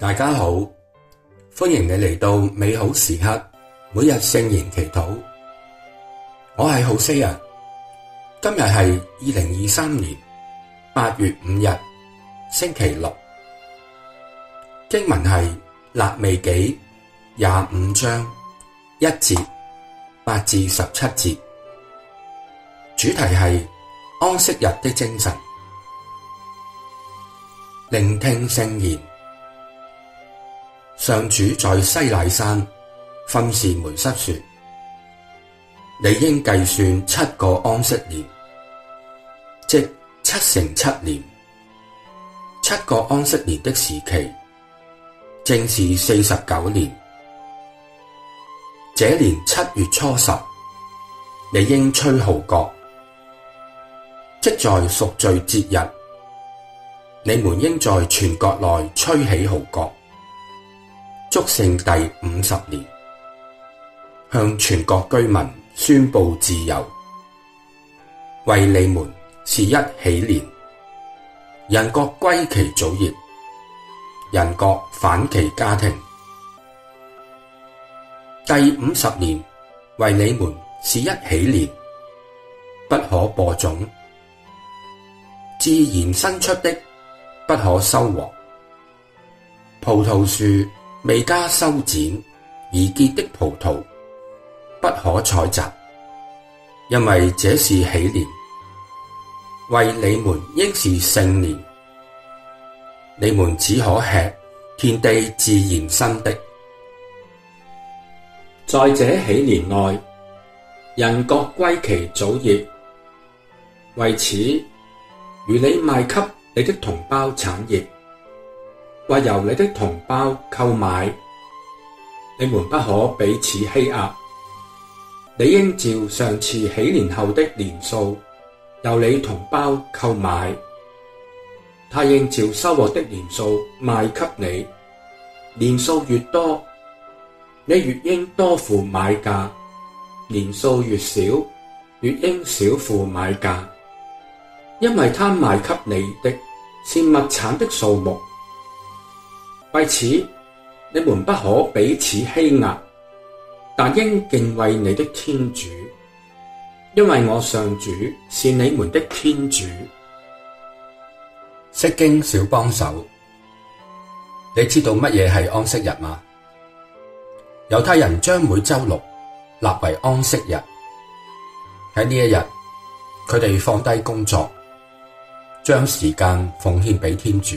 大家好，歡迎你嚟到美好時刻，每日聖言祈禱。我係好息人。今日係二零二三年八月五日，星期六。經文係《肋未紀》廿五章一節八至十七節，主題係安息日的精神，聆聽聖言。上主在西乃山訓示梅瑟說：你應計算七個安息年，即七乘七年。七個安息年的時期正是四十九年。這年七月初十，你應吹號角，即在贖罪節日，你們應在全國內吹起號角。祝聖第五十年，向全國居民宣布自由，為你們是一喜年。人各歸其祖業，人各返其家庭。第五十年為你們是一喜年，不可播種，自然生出的不可收穫。葡萄樹，未加修剪而結的葡萄，不可採摘，因為這是喜年，為你們應是聖年，你們只可吃田地自然生的。在這喜年內，人各歸其祖業，為此，如你賣給你的同胞產業。或由你的同胞購買，你們不可彼此欺壓。你應照上次喜年後的年數，由你同胞購買，他應照收穫的年數賣給你。年數越多，你越應多付買價；年數越少，越應少付買價。因為他賣給你的，是物產的數目。為此，你們不可彼此欺壓，但應敬畏你的天主，因為我上主是你們的天主。釋經小幫手，你知道乜嘢係安息日嗎？猶太人將每週六立為安息日，喺呢一日，佢哋放低工作，將時間奉獻俾天主。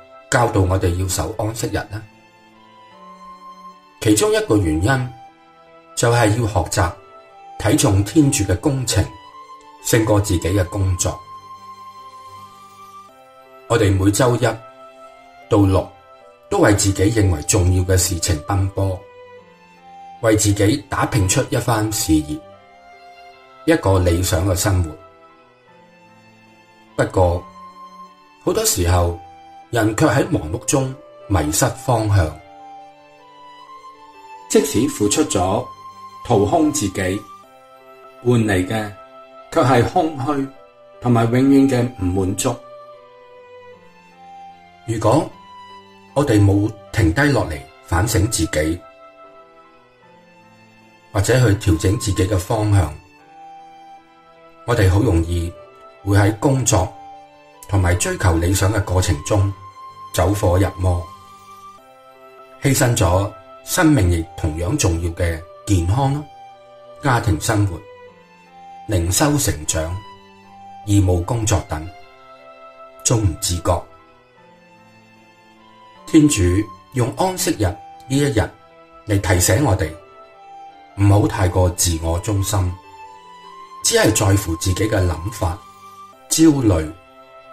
教導我哋要守安息日呢？其中一個原因就係要學習睇重天主嘅工程，勝過自己嘅工作。我哋每周一到六都為自己認為重要嘅事情奔波，為自己打拼出一番事業，一個理想嘅生活。不過好多時候，人卻喺忙碌中迷失方向，即使付出咗，掏空自己，換嚟嘅卻係空虛，同埋永遠嘅唔滿足。如果我哋冇停低落嚟反省自己，或者去調整自己嘅方向，我哋好容易會喺工作同埋追求理想嘅過程中，走火入魔，犧牲咗生命，亦同樣重要嘅健康咯。家庭生活、靈修成長、義務工作等，仲唔自覺。天主用安息日呢一日嚟提醒我哋，唔好太過自我中心，只係在乎自己嘅諗法、焦慮、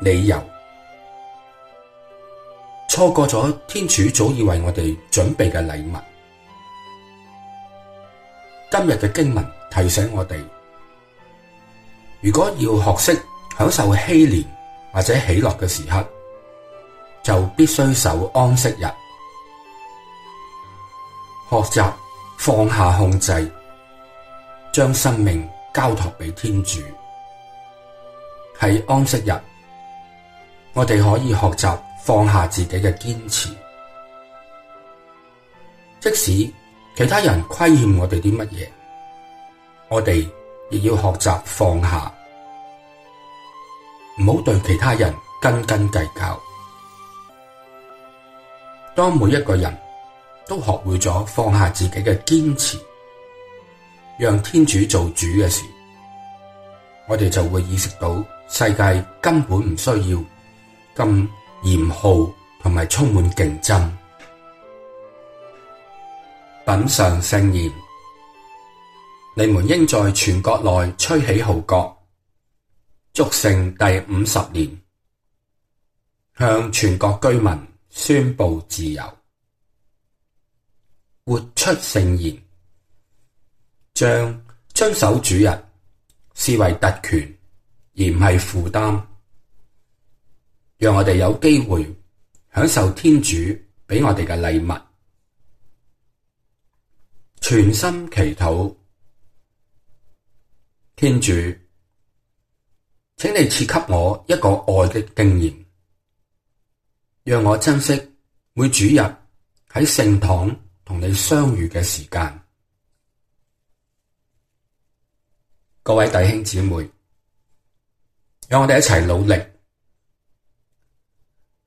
理由，錯過咗天主早已為我哋準備嘅禮物。今日嘅經文提醒我哋，如果要學識享受禧年或者喜樂嘅時刻，就必須守安息日，學習放下控制，將生命交託俾天主，係安息日。我哋可以學習放下自己嘅堅持，即使其他人虧欠我哋啲乜嘢，我哋亦要學習放下，唔好對其他人斤斤計較。當每一個人都學會咗放下自己嘅堅持，讓天主做主嘅時，我哋就會意識到世界根本唔需要，咁嚴酷同埋充滿競爭，品嚐聖言，你們應在全國內吹起號角，祝聖第五十年，向全國居民宣布自由，活出聖言，將遵守主日視為特權而唔係負擔。讓我哋有機會享受天主畀我哋嘅禮物，全心祈禱。天主，請你賜給我一個愛嘅經驗，讓我珍惜每主日喺聖堂同你相遇嘅時間。各位弟兄姊妹，讓我哋一齊努力。